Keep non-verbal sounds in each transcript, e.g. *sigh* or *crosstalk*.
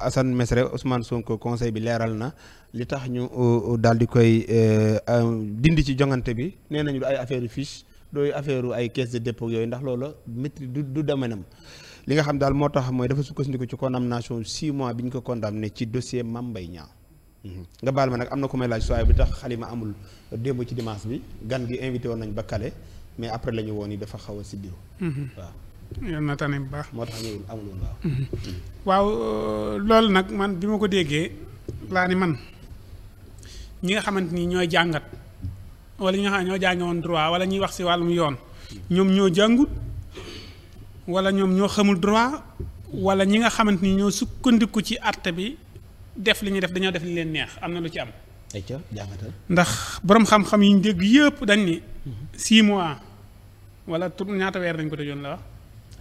Assane Mesre Ousmane Sonko conseil bi leeral na li tax ñu euh, euh, daal di koy euh, dindi ci jongante bi nee nañu ay affaire fiche dooy affaire ay caisse de dépôt yooyu ndax loola maîtrise du du domaine li nga xam daal moo tax mooy dafa sukkandiku ci condamnation six mois bi ñu ko condamné ci dossier Mame mbay Niang mhm. nga baal ma nag am na ko may laaj soaay bi tax xalima amul démb ci dimanche bi gan gi invité woon nañ ba kale mais après la ñu woon yi dafa xaw a siddiw mhm. yal bu baax moo tax ñëwul waaw. Mhm. Mm-hmm. waaw euh, loolu nag man bi ma ko déggee laa ni man ñi nga xamante ni ñooy jàngat wala ñi nga xam ne ñoo droit wala ñuy wax si wàllum yoon ñoom ñoo jàngut wala ñoom ñoo xamul droit wala ñi nga xamante ni ñoo sukkandiku ci àtte bi def li ñuy def dañoo def li leen neex am na lu ci am. ndax borom xam-xam yi ñu dégg yëpp dañ ni. 6 mhm. mois wala tur ñaata weer nañ ko tëjoon la wax.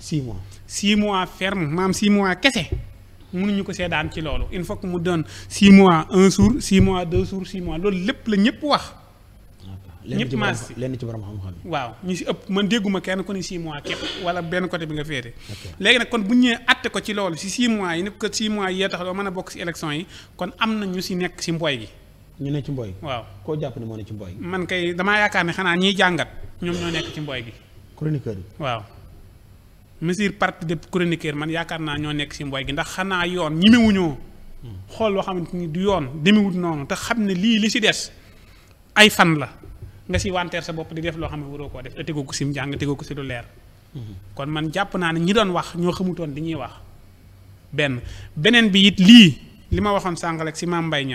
six mois six mois ferme maam six mois kese mënuñu ko seedaan ci loolu il faut que mu doon six mois un jour six mois deux jours six mois loolu lépp la ñëpp wax. ñëpp maas si lenn ci borom xam-xam waaw ñu si ëpp man dégguma kenn ku ni six mois képp wala benn côté bi nga féete léegi nag kon bu ñu ñëwee atte ko ci loolu si six mois yi ne ko six mois yee tax doo mën a bokk si élection yi kon am na ñu si nekk si mboy gi ñu ne ci mboy waaw koo jàpp ne moo ne ci mboy man kay damaa yaakaar ne xanaa ñiy jàngat ñoom ñoo nekk ci mboy gi chroniqueur bi monsieur parti de chroniqueur man yaakaar naa ñoo nekk si mboy gi ndax xanaa yoon ñemewuñoo xool loo xamante ni du yoon demewut noonu te xam ne lii li si des ay fan la nga si wanteer sa bopp di def loo xam ne waroo koo def te tegoo ko si njàng tegoo ko si lu leer. kon man jàpp naa ne ñi doon wax ñoo xamutoon li ñuy wax. benn beneen bi it lii li ma waxoon sànq si maam Mbaye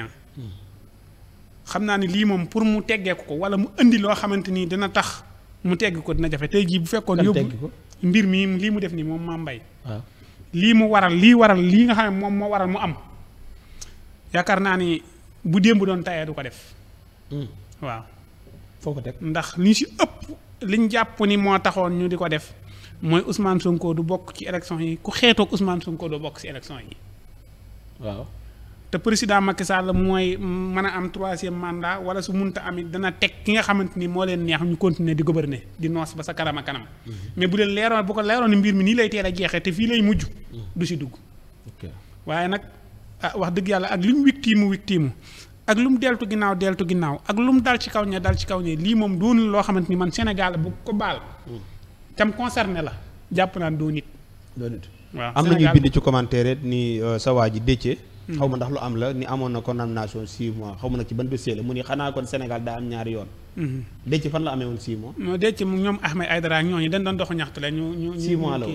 naa ne lii moom pour mu teggeeku ko wala mu indi loo xamante ni dana tax mu tegg ko dina jafe tey jii bu fekkoon. yóbbu mbir mi lii mu def nii moom Mame Mbaye lii mu waral lii waral lii nga xam ne moom moo waral mu am yaakaar naa ni bu démb doon taye du ko def hmm. waaw foo ko teg ndax li si ëpp liñ jàpp ni moo taxoon ñu di ko def mooy Ousmane Sonko du bokk ci élection yi ku xeetoog Ousmane Sonko du bokk ci élection yi waaw te président Macky Sall mooy mën a am troisième mandat wala su munta am it dana teg ki nga xamante ni moo leen neex ñu continuer di gouverner di noos ba sa kanam a kanam. Mhm. mais bu leen leeroon bu ko leeroon mbir mi nii lay teel a jeexee te fii lay mujj. Mhm. du si dugg. waaye nag ah, wax dëgg yàlla ak lu mu wiktiimu wiktiimu ak lu mu deltu ginnaaw deltu ginnaaw ak lu mu dal ci kaw ña dal ci kaw ña lii moom doonul loo xamante ni man Sénégal bu ko baal. Mhm. tam conserné la jàpp naa doo nit. doo nit waaw am na ñuy bind ci commentaire ni euh, sa waa ji décce Mm. xaw ma ndax lu am la ni amoon na condamnation six mois xaw ma nag ci ban dossier la mu ni xanaa kon Sénégal daa am ñaari yoon. Mm-hmm. Déthié fan la amee woon six mois. non Déthié ñoom Ahmed Aïdara dañ doon doxu ñaxtu leen ñu ñu. dañ ah, ah, dañ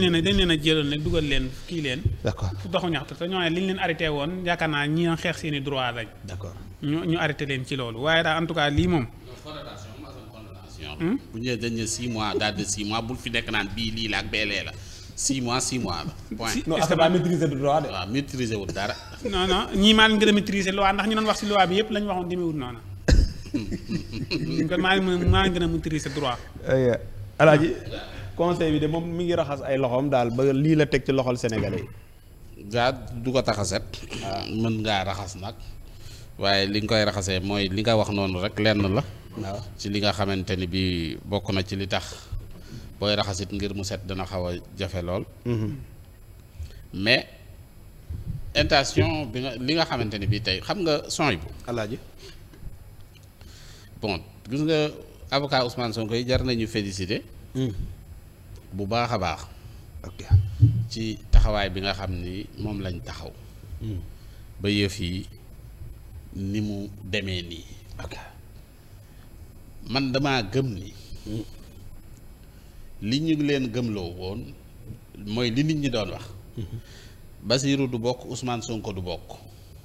leen a dañ leen dugal leen kii leen. doxu ñaxtu te ñooñu li leen arrêté woon yaakaar naa ñi xeex seeni droit lañ. d'accord ñu ñu arrêté leen ci loolu waaye daal en lii moom Hmm? bu ñëwee dañ ne six mois daal de six mois bul fi nekk naan bii lii la ak beelee la six mois six mois la point. non est-ce que du droit de. waaw maîtriser wul dara. *laughs* non non ñii maa leen gën a maîtriser loi ndax ñu doon wax si loi bi yëpp la ñu waxoon demeewul noonu. *laughs* kon maa leen maa gën a maîtriser droit. alaaji conseil bi de moom mi ngi raxas ay loxoom daal ba lii la teg ci loxol sénégalais yi. gaa du ko tax a set. Ah, mën ngaa raxas nag waaye li nga koy raxasee mooy li nga wax noonu rek lenn la. ci li nga xamante ni bi bokk na ci li tax booy raxasit ngir mu set dana xaw a jafe lool mhm. mais intention bi nga li nga xamante ni bi tey xam nga son yi bu alaaji bon gis nga avocat Ousmane Sonko yi jar nañu félicité mhm. bu baax a baax ci taxawaay bi nga xam ni moom lañ taxaw mhm. ba yëf yi ni mu demee nii man damaa gëm ni li ñu leen gëmloo woon mooy li nit ñi doon wax Basirou du bokk Ousmane Sonko du bokk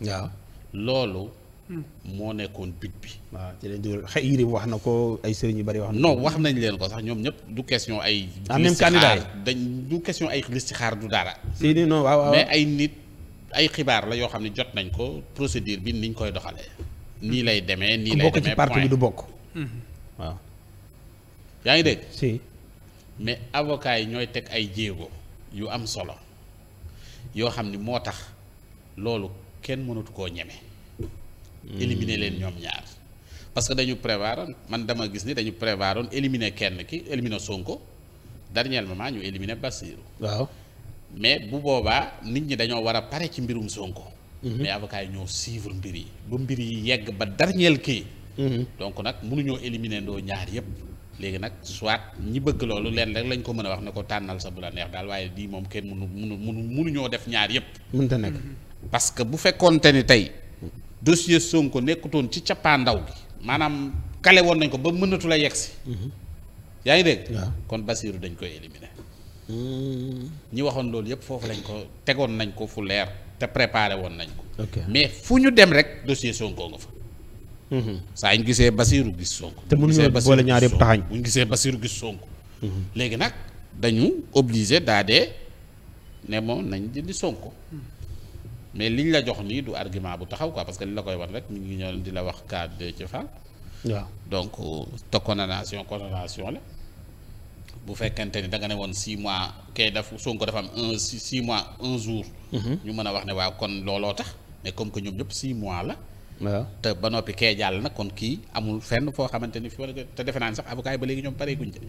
waaw loolu hmm. moo nekkoon but bi waaw ci leen dugal xëy wax na ko ay sëriñ yu bari wax non wax nañ leen ko sax ñoom ñëpp du question ay ah, même candidat dañ du question ay listixaar du dara si ni non waaw waaw mais ay nit ay xibaar la yoo xam ne jot nañ ko procédure bi niñ koy doxalee nii lay demee nii lay demee bokk ci parti bi du bokk hmm. waaw. yaa ngi dégg. si mais avocat yi ñooy teg ay jéego yu am solo yoo xam ni moo tax loolu kenn mënatu koo ñeme. Hmm. éliminer leen ñoom ñaar parce que dañu prévoir man dama gis ni dañu prévoir woon éliminer kenn ki éliminer Sonko dernier moment ñu éliminer Bassirou. waaw mais bu boobaa nit ñi dañoo war a pare ci mbirum Sonko. Hmm. mais avocat yi ñoo suivre mbir yi ba mbir yi yegg ba dernier kii. Mm-hmm. donc nag mënuñoo éliminer ndoo ñaar yëpp. léegi nag soit ñi bëgg loolu leen rek lañ ko mën a wax ne ko tànnal sa bu la neex daal waaye di moom kenn mënu munu munu ñoo def ñaar yëpp. mënta nekk mm-hmm. parce que bu fekkoonte ni tey dossier Sonko nekkutoon ci cappaandaw gi maanaam kale woon nañ ko ba mënatu la yegg si. Mm-hmm. yaa ngi dégg. kon Basiru dañ koy éliminer. ñi waxoon loolu yëpp foofu lañ ko tegoon nañ ko fu leer te préparé woon nañ ko. mais fu ñu dem rek dossier Sonko nga fa. Mhm. saa ñu gisee Basiru gis Sonko. te mënuñoo boole ñaar yëpp taxañ bu ñu gisee Basiru gis Sonko. Mhm. léegi nag dañu obligé daa dee ne moom nañ dindi Sonko. Mhm. mais liñ la jox nii du argument bu taxaw ko parce que li la koy wan rek ñu ngi ñëw di la wax cas de ci fa waaw donc euh, te condamnation condamnation la. bu fekkente ni da ne woon six mois kay daf Sonko dafa am un six mois un jour. ñu mën a wax ne waaw kon looloo tax mais comme que ñoom ñëpp six mois la. te ba noppi kee jàll nag kon kii amul fenn foo xamante ni fi wala te defe naa ne sax abukaay ba léegi ñoom pareeguñ de.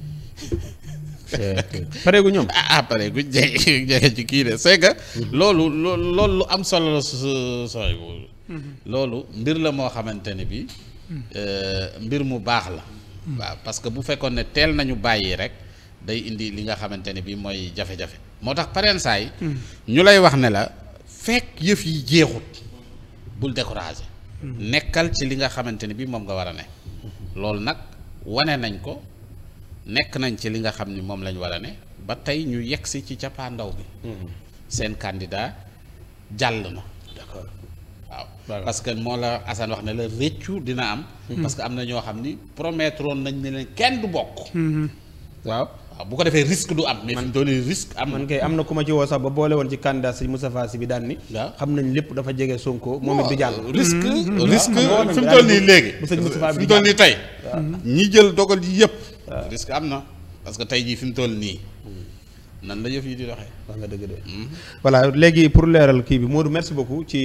*laughs* pareegu ñoom. Ah, ah pareeguñ jege jege ci kii de c'est que. Mm-hmm. loolu loolu lu am solo la sooy mm-hmm. loolu mbir la moo xamante ne bi mm. euh, mbir mu baax la. Mm. waaw parce que bu fekkoon ne teel nañu bàyyi rek day indi li nga xamante ne bi mooy jafe-jafe moo tax pareen saa yi mm. ñu lay wax ne la fekk yëf yi jeexut bul décourager Mhm. nekkal ci li nga xamante ni bii moom nga war a ne. Mhm. loolu nag wane nañ ko nekk nañ ci li nga xam ni moom lañ war a ne ba tey ñu yegg si ci cappaandaw bi. Mhm. seen candidat jàll na. d'accord waaw parce que moo la Assane wax ne la rëccu dina am. parce que am na ñoo xam ni promettre woon nañ ne leen kenn du bokk. waaw. waaw bu ko defee risque du am. man dooni risque am man kay am na ku ma ci woo sax ba boole woon ci candidat si Moustapha Sy bi daan ni. xam nañ lépp dafa jege Sonko. moom it du jàll. Euh, risque mm-hmm. risque mm-hmm. toll nii léegi. bu sëñ bi fi toll nii tey. Mm-hmm. ñi jël dogal yi yëpp. risque am na parce que tey jii fi mu toll nii. nan la yëf yi di doxee. wax nga dëgg de. léegi pour leeral kii bi moo Modou merci beaucoup ci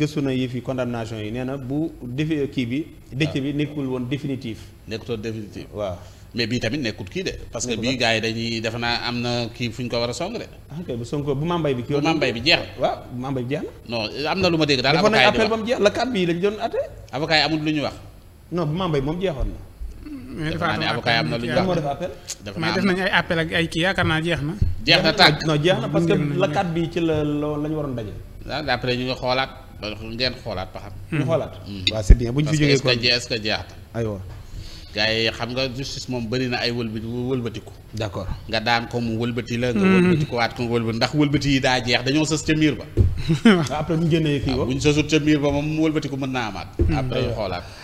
gëstu na yëf yi condamnation yi nee na bu defi kii bi. dëcc bi ah. nekkul woon définitif. nekkutoon définitif waaw. mais bii tamit nekkut kii de. parce que bii gars dañuy defe naa am na kii fu ñu ko war a song de. Ah, bi. kii bu mambay bi jeex na. waaw na. la kat bii lañ ñu wax. non moom jeexoon na. na lu ñu wax dafa mais naa jeex na. jeex na tàkk non jeex na parce que la kat bii ci la loo ah ngeen xoolaat ba xam. ñu xoolaat. Hmm. waa c'est bien bu ñu fi jógee kon est-ce que jeex na aywa gars xam nga justice moom bëri na ay wëlbati wëlbatiku. d'accord nga daan ko mu wëlbati la. nga hmm. wëlbati ko waat ko wëlbati ndax wëlbati yi daa jeex dañoo sas ca miir ba. *laughs* après bu ñu génnee kii ba ah, bu ñu sësut ca miir ba moom wëlbatiku mën naa amaat. Hmm. après xoolaat.